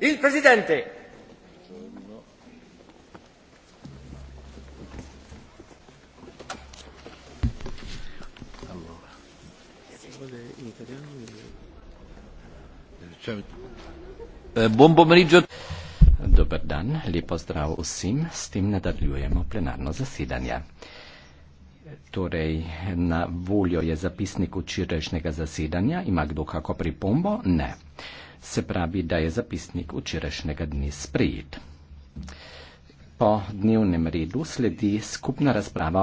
Il Presidente. Allora. Eh, buon pomeriggio. Dobar dan, lijep pozdrav svim, s tim nadaljujemo plenarno zasedanje. Torej, na voljo je zapisnik včerajšnjega zasedanja, ima kdo kako pripombo? Ne se pravi, da je zapisnik včerajšnjega dne sprejet. Po dnevnem redu sledi skupna razprava